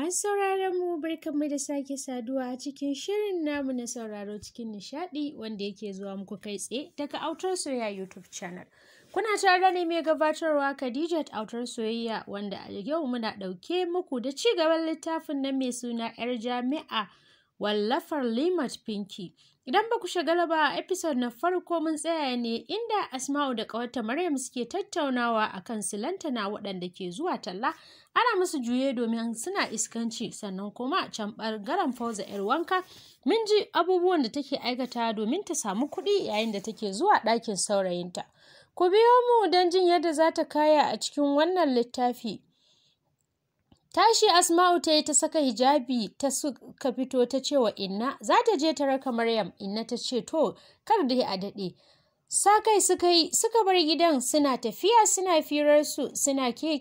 Masu sauraron mu mu da sake saduwa a cikin shirin namu na sauraro cikin nishadi wanda yake zuwa muku kai tsaye daga Autar Soyayya YouTube channel. Kuna tare ne mai gabatarwa Khadijat Autar Soyayya wanda a yau muna dauke muku da ci gaban littafin na mai suna 'yar jami'a wallafar Limat Pinky. Idan ba ku shagala ba episode na farko mun tsaya ne inda Asma'u da ƙawarta Maryam suke tattaunawa a kan silanta na waɗanda ke zuwa talla ana musu juye domin suna iskanci sannan kuma can ɓangaren fauza 'yar wanka mun ji abubuwan da take aikata domin ta samu kuɗi yayin da take zuwa ɗakin saurayinta. Ku biyo mu don jin yadda za ta kaya a cikin wannan littafi. Tashi Asma'u ta yi ta saka hijabi ta suka fito ta ce wa Inna za ta je ta raka Maryam Inna ta ce to kar dai a daɗe. Sakai suka yi suka bar gidan suna tafiya suna firarsu suna ke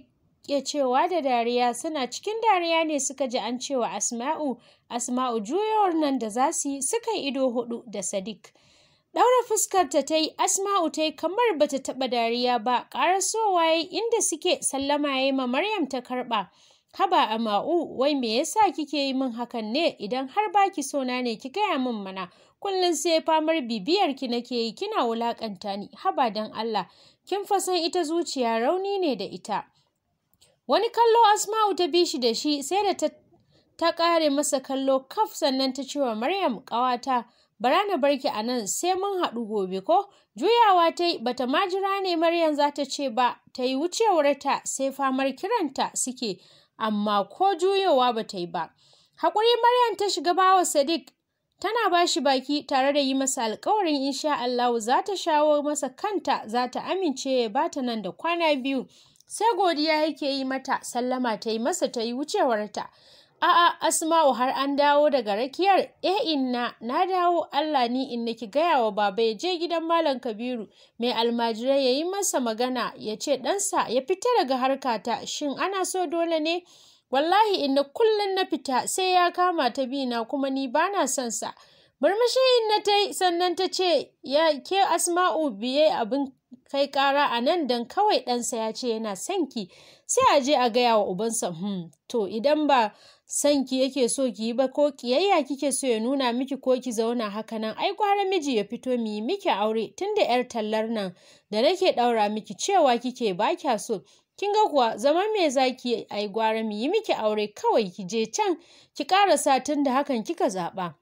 cewa da dariya suna cikin dariya ne suka ji an cewa Asma'u Asma'u juyawar nan da za su yi suka ido hudu da Sadiq. Ɗaura fuskarta ta yi Asma'u ta yi kamar bata taɓa dariya ba ƙarasowa ya inda suke sallama ya yi ma Maryam ta karɓa. haba ama'u wai me yasa kike yi min hakan ne idan har baki sona ne ki gaya min mana kullum sai famar bibiyar ki nake yi kina wulakanta ni haba dan Allah kin fa san ita zuciya rauni ne da ita wani kallo asma'u ta bi shi da shi sai da ta ta ƙare masa kallo kaf sannan ta ce maryam ƙawata bara na barki a nan sai mun haɗu gobe ko juyawa ta yi bata ma jira ne maryam za ta ce ba ta yi ta sai famar kiranta suke amma ko juyowa ba ta yi ba. Haƙuri Maryam ta shiga bawa Sadiq tana ba shi baki tare da yi masa alƙawarin insha Allahu za ta shawo masa kanta za ta amince ya ta nan da kwana biyu. Sai godiya yake yi mata sallama ta yi masa ta yi wucewarta. A'a Asma'u har an dawo daga rakiyar? Eh inna, na dawo Allah ni In ki gaya wa baba ya je gidan Malam Kabiru mai almajirai ya yi masa magana ya ce ɗansa ya fita daga harkata shin ana so dole ne? Wallahi inna kullum na fita sai ya kama ta bi na kuma ni ba na son sa. Murmushi inna ta yi sannan ta ce ya ke Asma'u biye abin kai kara a nan dan kawai ɗansa ya ce yana sanki sai a je a gaya wa ubansa hmm to idan ba sanki ki yake so ki yi ba ko kiyayya kike so ya nuna miki ko ki zauna haka nan ai gwara miji ya fito mi miki aure tun da yar tallar nan da nake daura miki cewa kike ba kya so kin ga kuwa zama me zaki ai gwara mi yi miki aure kawai ki je can ki ƙara karasa da hakan kika zaɓa.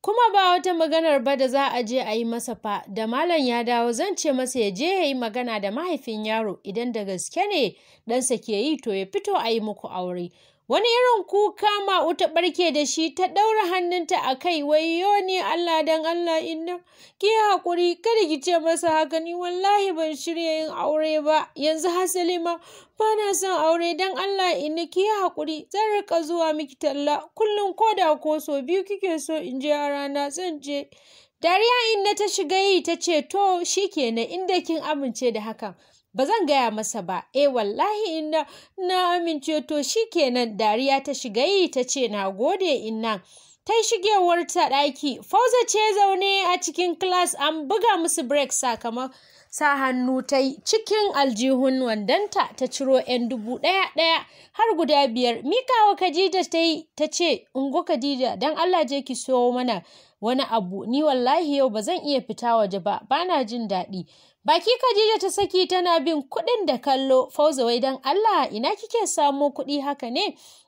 kuma ba wata maganar ba da za a je a yi masa fa da malam ya dawo zan ce masa ya je ya yi magana da mahaifin yaro idan da gaske ne ɗansa ke yi to ya fito a yi muku aure Wani irin kuka ma uta barke da shi ta ɗaura hannunta a kai wayyo ne Allah dan Allah inna ki haƙuri kada ki ce masa haka ni wallahi ban shirya yin aure ba yanzu hasali ma ba na son aure dan Allah inna ki hakuri, zan rika zuwa miki talla kullum ko da ko so biyu kike so in je a rana zan je. Dariya inna ta shiga yi ta ce to shikenan inda kin amince da hakan ba zan gaya masa ba eh wallahi inna na amince to shikenan dariya ta shiga yi ta ce na gode inna ta shigewar ta ɗaki fauza ce zaune a cikin class an buga musu break sakamakon sa hannu ta yi cikin aljihun wandanta ta ciro 'yan dubu ɗaya ɗaya har guda biyar mikawa khadija ta yi ta ce ungo khadija don allah je ki siyo mana wani abu ni wallahi yau ba zan iya fita waje ba bana jin daɗi Baki Khadija ta saki tana bin kuɗin da kallo, fauzawai wai don Allah ina kike samo kuɗi haka ne?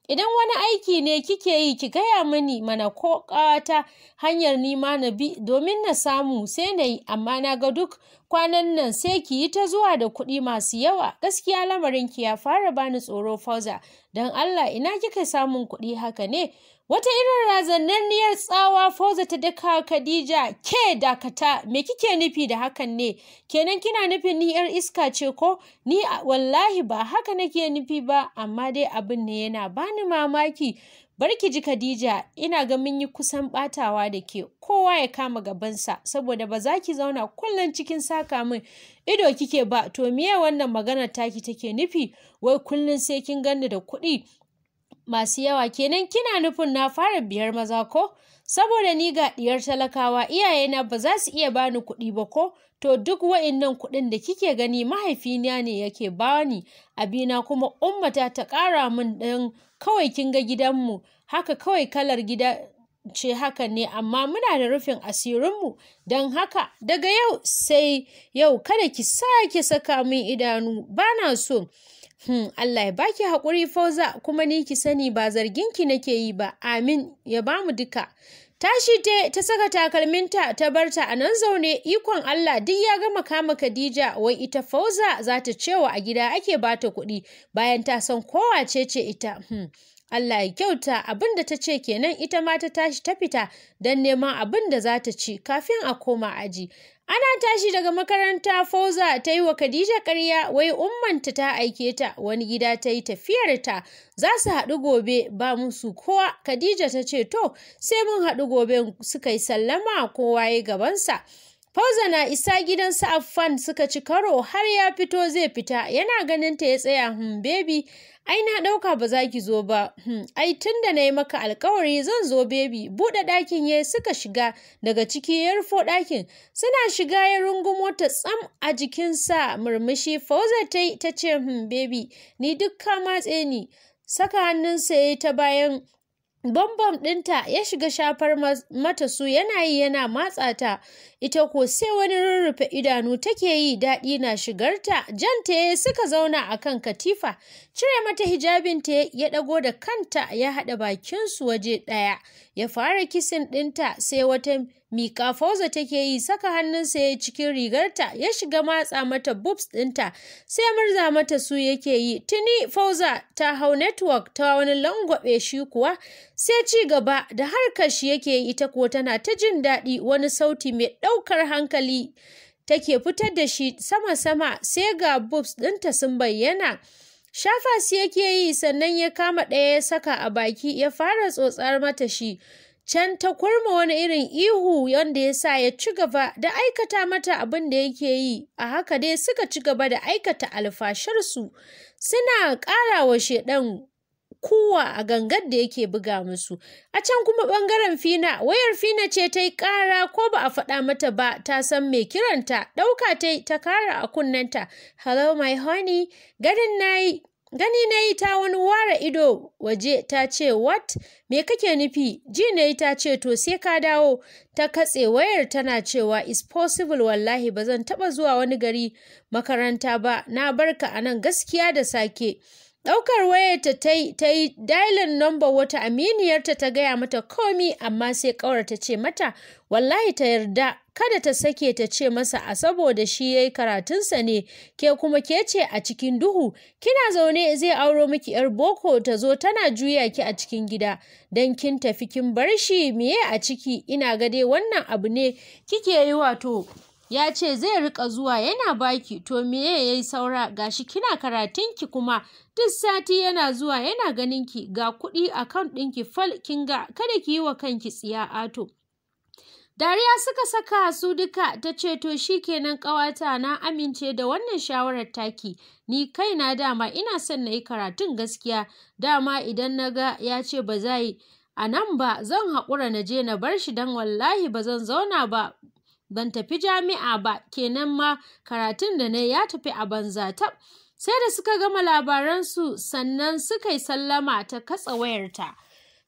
Idan wani aiki ne kike yi ki gaya mani mana ko ƙawata hanyar nima na bi domin na samu sai na yi amma na ga duk kwanan nan sai ki yi ta zuwa da kuɗi masu yawa gaskiya lamarin ki ya fara bani tsoro Fauza don Allah ina kike samun kuɗi haka ne? Wata irin razananniyar tsawa Foza ta daka Khadija, ke dakata, me kike nufi da hakan ne? Kenan kina nufin ni ‘yar iska ce ko? Ni wallahi ba haka nake nufi ba, amma dai abin ne yana bani mamaki. Barki ji Khadija, ina ga mun yi kusan batawa da ke, kowa ya kama gabansa, saboda ba za ki zauna kullum cikin saka min ido kike ba, to miye wannan maganar taki take nufi, wai kullum sai kin ganni da kuɗi, masu yawa kenan kina nufin na fara biyar maza ko saboda ni ga diyar talakawa iyayena ba za su iya bani kuɗi ba ko to duk wa'innan kuɗin da kike gani mahaifina ne yake bani abina kuma ummata ta ƙara min ɗin kawai kin ga gidan mu haka kawai kalar gida ce haka ne amma muna da rufin asirin mu? don haka daga yau sai yau kada ki sake saka min idanu bana so Hmm, Allah ya baki haƙuri fauza kuma ni ki sani ba zargin ki nake yi ba, amin ya bamu duka. Tashi te ta saka takalminta ta barta a nan zaune ikon Allah duk ya gama kama Khadija wai ita fauza za ta cewa a gida ake bata kuɗi bayan ta san kowa ce ce ita. Hmm. Allah ya kyauta abin da ta ce kenan ita ma ta tashi ta fita don neman abin da za ta ci kafin a koma aji. Ana tashi daga makaranta Fauza ta yi wa Khadija karya wai ummanta ta aike ta wani gida ta yi tafiyarta za su haɗu gobe ba musu kowa Khadija ta ce to sai mun haɗu gobe suka yi sallama kowa ya gabansa. Fauza na isa gidan su Affan suka ci karo har ya fito zai fita yana ganin ta ya tsaya hun hmm, bebi ai na ɗauka ba za ki zo ba hmm. ai tun da na yi maka alkawari zan zo bebi buɗe ɗakin ya suka shiga daga ciki ya rufo ɗakin suna shiga ya rungumo ta tsam a jikinsa murmushi fauza ta yi ta ce hmm, bebi ni dukka matse ni saka hannunsa ya yi ta bayan bambam ɗinta ya shiga shafar mata su yana yi yana matsa ta ita ko sai wani rurrufe idanu take yi daɗi na shigarta janta ya suka zauna a kan katifa cire mata hijabinta ya ɗago da kanta ya haɗa bakinsu waje ɗaya ya fara kisin ɗinta sai wata miƙa fauza take yi saka hannunsa ya cikin rigarta ya shiga matsa mata bubs ɗinta sai murza mata su yake yi tuni fauza ta hau network ta wani langwaɓe shi kuwa sai ci gaba da harkar shi yake yi ita ko tana ta jin daɗi wani sauti mai ɗau ɗaukar hankali take fitar da shi sama-sama sai ga boobs ɗinta sun bayyana. Shafa su yake yi sannan ya kama ɗaya ya saka a baki ya fara tsotsar mata shi. Can ta kurma wani irin ihu wanda ya sa ya ci gaba da aikata mata abin da yake yi, a haka dai suka ci gaba da aikata alfasharsu, suna ƙara wa shaiɗan kowa a gangar da yake buga musu a can kuma bangaren fina wayar fina ce ta yi kara ko ba a faɗa mata ba ta san mai kiranta ɗauka ta yi ta kara a kunnenta hello my honey ganin nayi gani na yi ta wani ware ido waje ta ce what me kake nufi ji na yi ta ce to sai ka dawo ta katse wayar tana cewa is possible wallahi ba zan taɓa zuwa wani gari makaranta ba na barka anan gaskiya da sake Ɗaukar wayarta ta yi ta yi dailin wata aminiyarta ta gaya mata komi amma sai ƙawar ta ce mata wallahi ta yarda kada ta sake ta ce masa a saboda shi yayi karatunsa ne ke kuma ke ce a cikin duhu kina zaune zai auro miki yar boko ta zo tana juya ki a cikin gida dan kin tafi kin bar shi miye a ciki ina ga dai wannan abu ne kike yi wato ya ce zai rika zuwa yana baki to meye ya yi saura gashi kina karatun ki kuma duk sati yana zuwa yana ganin ki ga kuɗi akan ɗinki fal kin ga kada ki yi wa kanki tsiya ato Dariya suka saka su duka ta ce to kenan ƙawata na amince da wannan shawarar taki ni kaina dama ina son na yi karatun gaskiya dama idan na ga ya ce ba za yi a nan ba zan haƙura na je na bar shi don wallahi ba zan zauna ba ban tafi jami'a ba kenan ma karatun da na ya tafi a banza ta, sai da suka gama labaransu sannan suka yi sallama ta katsa wayarta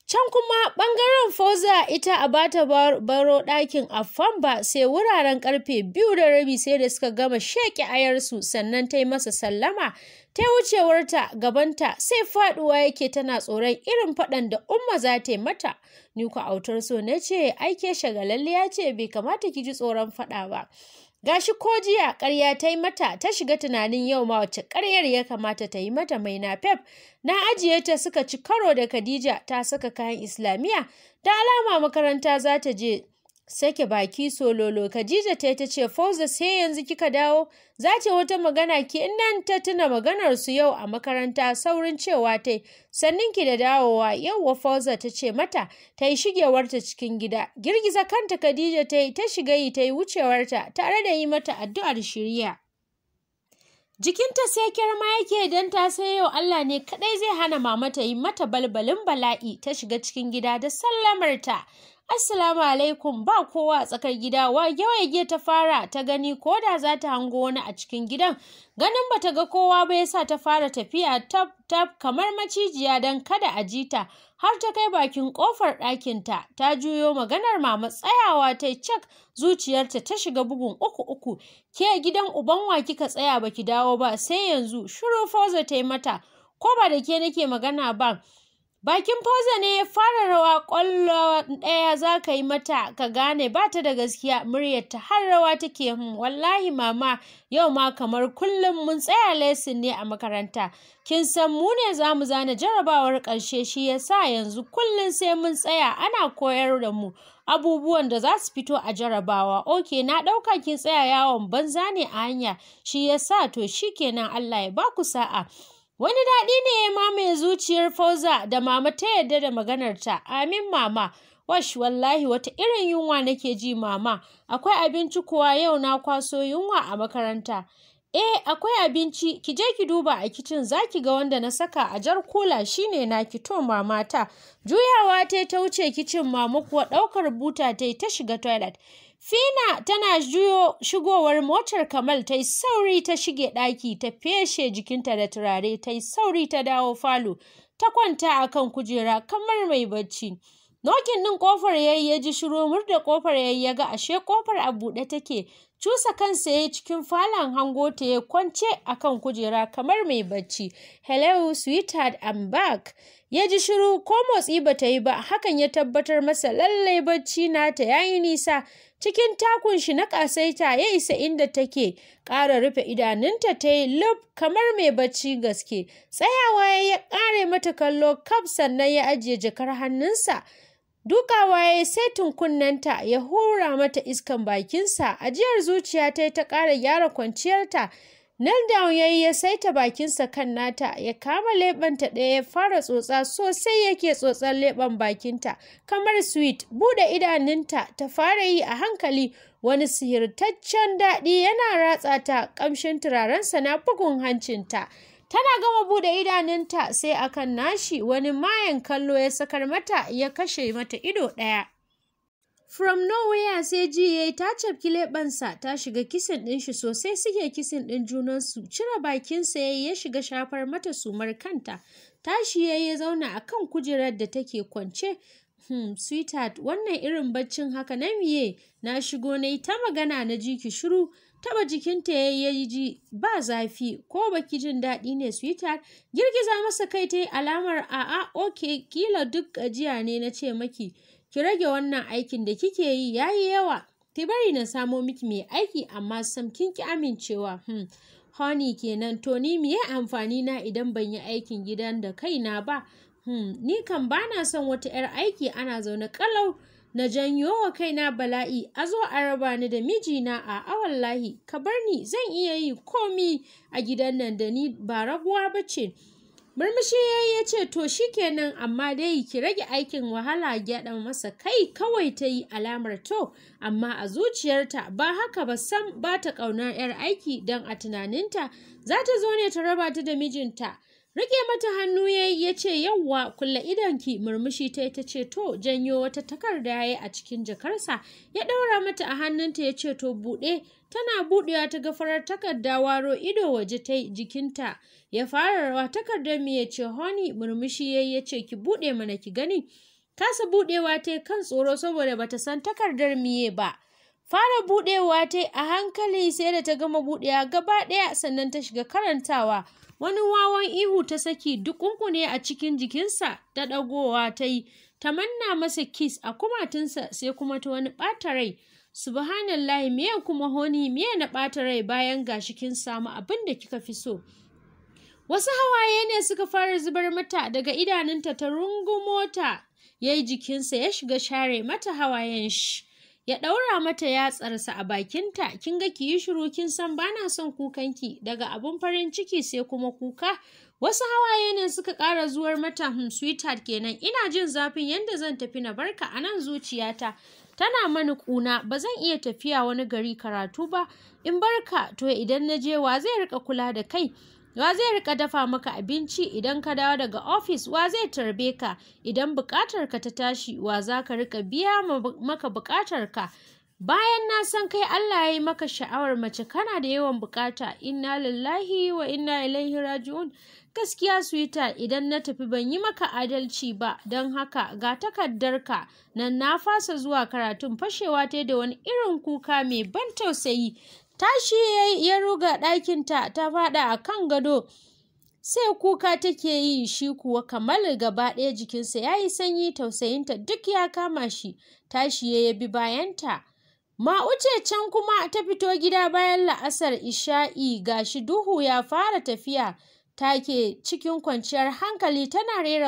Can kuma ɓangaren foza ita a bata baro ɗakin a Famba sai wuraren karfe biyu da rabi sai da suka gama sheke ayarsu sannan ta yi masa sallama ta wucewarta gabanta sai faɗuwa yake tana tsoron irin faɗan da umma za ta yi mata. Ni ku autar so na ce aike shagalalliya ce bai kamata ki ji tsoron faɗa ba. Gashi ko jiya Karya ta yi mata ta shiga tunanin yau ma wacce karyar ya kamata ta yi mata mai na pep. Na ajiye ta suka ci karo da Khadija ta saka kayan Islamiyya, ta alama makaranta za ta je sake baki sololo Khadija ta ta ce Fauza sai yanzu kika dawo za ce wata magana ki nan ta tuna maganar su yau a makaranta saurin cewa ta sannin ki da dawowa yau wa Fauza ta ce mata ta yi shigewarta cikin gida girgiza kanta Khadija ta yi ta shiga yi ta yi wucewarta tare da yi mata addu'ar shirya Jikinta sai kirma yake don ta sai yau Allah ne kadai zai hana mama ta yi mata balbalin bala'i ta shiga cikin gida da sallamarta. Assalamu alaikum ba kowa a tsakar gida wage-wage ta fara ta gani ko da za ta hango wani a cikin gidan ganin bata ga kowa ba yasa ta fara tafiya tab tab kamar macijiya don kada a ji ta har ta kai bakin kofar ɗakinta ta juyo maganar mama tsayawa ta cak zuciyarta ta shiga bugun uku uku ke gidan uban wa kika tsaya baki dawo ba sai yanzu shiru fozo ta yi mata ko ba da ke nake magana ba Bakin Fauza ne ya fara rawa ƙwallo ɗaya za ka yi mata ka gane ba ta da gaskiya ta har rawa take hun hmm, wallahi mama yau ma kamar kullum mun tsaya lesson ne a makaranta kin san mu ne za mu zana jarabawar ƙarshe shi ya sa yanzu kullum sai mun tsaya ana koyar da mu abubuwan da za su fito a jarabawa ok na ɗauka kin tsaya yawon banza ne a hanya shi ya sa to shikenan Allah ya ba ku sa'a Wani daɗi ne ya mamaye zuciyar Fauza da mama ta yarda da maganarta, amin mama. Wash wallahi wata irin yunwa nake ji mama, akwai abinci kuwa yau na kwaso yunwa a makaranta. Eh akwai abinci, ki je ki duba a kicin za ki ga wanda na saka a jar kula shine naki to mamata. Juyawa ta ta wuce kicin mama kuwa ɗaukar buta ta yi ta shiga toilet. Fina tana juyo shigowar motar Kamal ta sauri ta shige ɗaki ta feshe jikinta da turare ta sauri ta dawo falo ta kwanta a kan kujera kamar mai bacci. Nokin ɗin ƙofar yayi ya ji shiru murda ƙofar yayi ya ga ashe ƙofar a buɗe take cusa kansa yayi cikin falon hango ta ya kwance a kan kujera kamar mai bacci. Hello sweetheart I'm back. ya ji shiru ko motsi ba ta yi ba hakan ya tabbatar masa lallai bacci nata yayi nisa cikin takun shi na ƙasaita ya isa inda take ƙara rufe idanunta ta yi lub kamar mai bacci gaske tsayawa ya ƙare mata kallo kaf sannan ya ajiye jakar hannunsa dukawa ya yi saitin tunkunnenta ya hura mata iskan bakinsa ajiyar zuciya ta yi ta ƙara gyara kwanciyarta Nardown ya yi ya saita bakinsa kan nata, ya kama leɓanta ɗaya ya fara tsotsa sosai yake tsotsar leɓen bakinta, kamar sweet, buɗe idanunta ta fara yi a hankali, wani sihirtaccen daɗi yana ratsa ta ƙamshin turarensa na bugun hancinta. Tana gama buɗe idanunta sai akan nashi wani mayan kallo ya sakar mata ya kashe mata ido ɗaya. From nowhere sai ji yayi ta cafki leɓensa ta shiga kisin ɗin shi sosai suke kisin ɗin junan su cire bakinsa yayi ya shiga shafar mata sumar kanta tashi yayi ya zauna akan kujerar da take kwance Hmm, sweetheart, wannan irin baccin haka na miye, na shigo na yi ta magana na ji ki shiru, taba jikinta ya yi ji ba zafi, ko baki jin daɗi ne sweetheart, girgiza masa kai ta yi alamar a'a, oke, okay, kila duk gajiya ne na ce maki. ki rage wannan aikin da kike yi ya yi yawa ki bari na samo miki mai aiki amma sam kin ki amincewa hmm. honey kenan to ni miye amfani na idan ban yi aikin gidan da kaina ba hmm. ni kan bana son wata 'yar aiki ana zaune kalau na janyo wa kaina bala'i a zo a raba ni da mijina a awallahi ka bar ni zan iya yi komi a gidan nan da ni ba raguwa ba ce Murmushi ya yi ya ce, To shi kenan amma dai ki rage aikin wahala gyaɗa masa kai kawai ta yi alamar to, amma a zuciyarta ba haka ba sam ba ta ƙaunar ‘yar aiki don a tunaninta za ta zo ne ta raba ta da mijinta. Rage mata hannu ya yi ya ce yawwa kulle idonki murmushi ta ta ce to janyo wata takarda ya yi a cikin jakarsa ya ɗaura mata a hannunta ya ce to buɗe tana buɗewa ta gafarar takarda waro ido waje ta jikinta ya fara rawa takardar mi ya ce honey murmushi ya yi ya ce ki buɗe mana ki gani kasa buɗewa ta kan tsoro saboda bata san takardar miye ba fara buɗewa ta a hankali sai da ta gama buɗewa gaba ɗaya sannan ta shiga karantawa wani wawan ihu ta saki duk dukunkune a cikin jikinsa ta ɗagowa ta yi ta manna masa kis a kumatunsa sai kuma ta wani ɓata rai subhanallahi miye kuma honi miya na ɓatarai bayan gashi kin samu abin da kika fi so wasu hawaye ne suka fara zubar mata daga idanunta ta rungumota ya yi jikinsa ya shiga share mata hawayen shi ya ɗaura mata yatsarsa a bakinta kin ga ki yi shiru kin san bana son kukanki daga abun farin ciki sai kuma kuka wasu hawaye ne suka ƙara zuwar mata hum sweetheart kenan ina jin zafin yadda zan tafi na barka a nan zuciyata tana mani ƙuna ba zan iya tafiya wani gari karatu ba in barka to idan na je wa zai rika kula da kai wa zai rika dafa maka abinci idan ka dawo daga ofis wa zai tarbe ka idan bukatar ka ta tashi wa za ka rika biya maka bukatar ka bayan na san kai Allah ya yi maka sha'awar mace kana da yawan bukata inna lillahi wa inna ilaihi raji'un gaskiya suita idan na tafi ban yi maka adalci ba don haka ga takardarka nan na fasa zuwa karatun fashewa ta da wani irin kuka mai ban tausayi tashi ya ruga ɗakinta ta faɗa a kan gado sai kuka take yi shi kuwa kamar gaba ɗaya jikinsa ya yi sanyi tausayinta duk ya kama shi tashi ya bi bayanta ma'uce can kuma ta fito gida bayan la'asar isha'i ga shi duhu ya fara tafiya Ta ke cikin kwanciyar hankali tana rera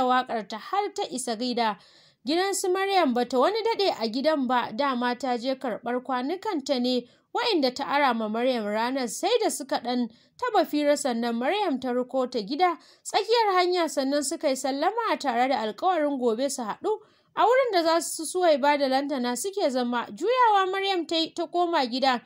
ta har ta isa gida gidan su Maryam bata wani dade a gidan ba dama ta je karɓar kwanukanta ne waɗanda ta ara ma Maryam ranar sai da suka ɗan taba fira sannan Maryam ta ruko ta gida tsakiyar hanya sannan suka yi sallama a tare da alkawarin gobe su haɗu a wurin da za su suwa ba da lantana suke zama juyawa Maryam ta koma gida.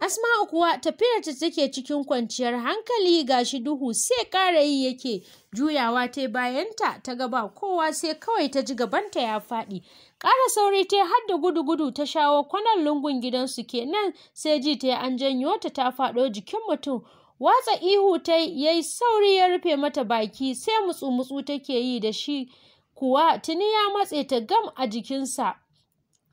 Asma'u kuwa tafiyar ta take cikin kwanciyar hankali ga shi duhu sai ƙara yi yake juyawa ta bayanta ta gaba, kowa sai kawai ta ji gabanta ya faɗi Ƙara sauri ta har da gudu-gudu ta shawo kwanan lungun gidansu kenan sai ji ta an janyo ta ta faɗo jikin mutum. Watsa ihu ta yi sauri ya rufe mata baki sai mutsu-mutsu take yi da shi kuwa tuni ya matse ta gam a jikinsa.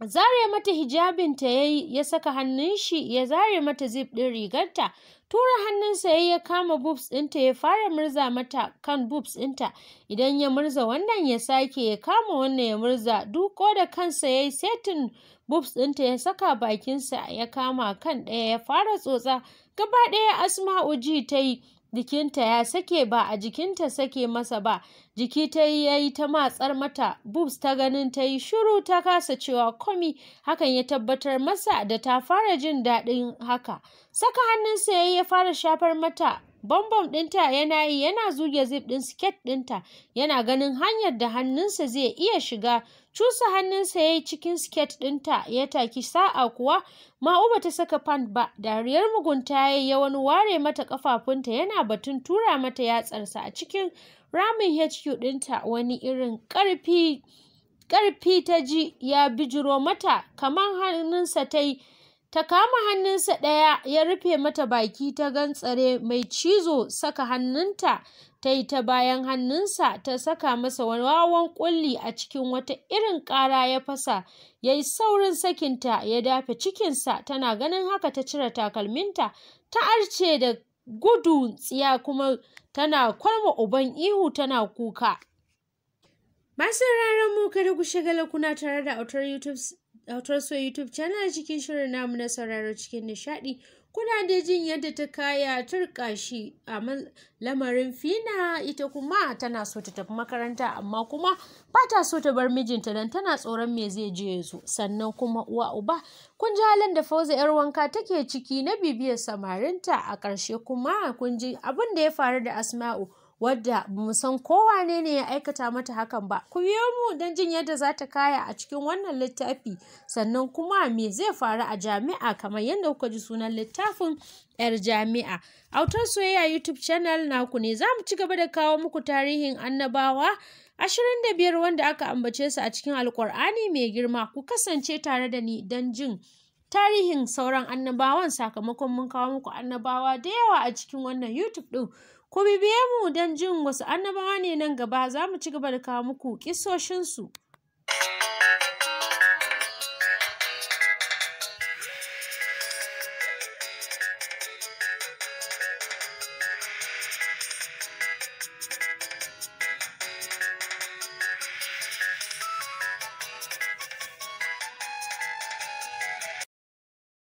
Zare mata hijabinta ya yi ya saka hannun shi ya zare mata zip ɗin rigarta tura hannunsa ya ya kama boobs ɗinta ya fara murza mata kan boobs ɗinta idan ya murza wannan ya sake ya kama wannan ya murza duko da kansa ya yi setin boobs ɗinta ya saka bakinsa ya kama kan ɗaya ya fara tsotsa gaba ɗaya asma uji ta yi jikinta ya sake ba a jikinta sake masa ba jiki ta yi ya yi ta matsar mata boobs ta ganin ta yi shiru ta kasa cewa komi hakan ya tabbatar masa da ta fara jin daɗin haka saka hannunsa ya yi ya fara shafar mata Bambam ɗinta yana yi yana zuge zip ɗin siket ɗinta, yana ganin hanyar da hannunsa zai iya shiga. Cusa hannunsa ya yi cikin siket ɗinta ya taki sa'a kuwa Ma'uba ta saka pant ba, dariyar mugunta ya yi ya wani ware mata ƙafafunta yana batun tura mata yatsarsa a cikin ramin HQ ɗinta wani irin ƙarfi. ƙarfi ta ji ya bijiro mata kamar hannunsa ta yi ta kama hannunsa ɗaya ya rufe mata baki ta gantsare mai cizo saka hannunta ta yi ta bayan hannunsa ta saka masa wawan ƙulli a cikin wata irin ƙara ya fasa ya yi saurin sakinta ya dafe cikinsa tana ganin haka ta cire takalminta ta arce da gudu tsiya kuma tana kwalma uban ihu tana kuka. Masu mu kada ku shagala kuna tare da autar YouTube Dautar so YouTube channel cikin shirin namu na sauraro cikin nishaɗi. Kuna da jin yadda ta kaya turka shi a lamarin fina ita kuma tana so ta tafi makaranta amma kuma ba ta so ta bar mijinta don tana tsoron me zai je sannan kuma uwa uba kun ji halin da fauza yar wanka take ciki na bibiyar samarinta a ƙarshe kuma kun ji abin da ya faru da asma'u wadda mu san kowa ne ne ya aikata mata hakan ba ku biyo mu don jin yadda za ta kaya a cikin wannan littafi sannan kuma me zai faru a jami'a kamar yadda kuka ji sunan littafin yar jami'a autar soyayya youtube channel naku ne za mu ci gaba da kawo muku tarihin annabawa ashirin da biyar wanda aka ambace su a cikin alkur'ani mai girma ku kasance tare da ni don jin tarihin sauran annabawan sakamakon mun kawo muku annabawa da yawa a cikin wannan youtube din Ku bibe mu don jin wasu annabawa ne nan gaba za mu ci gaba da kawo muku kisoshinsu.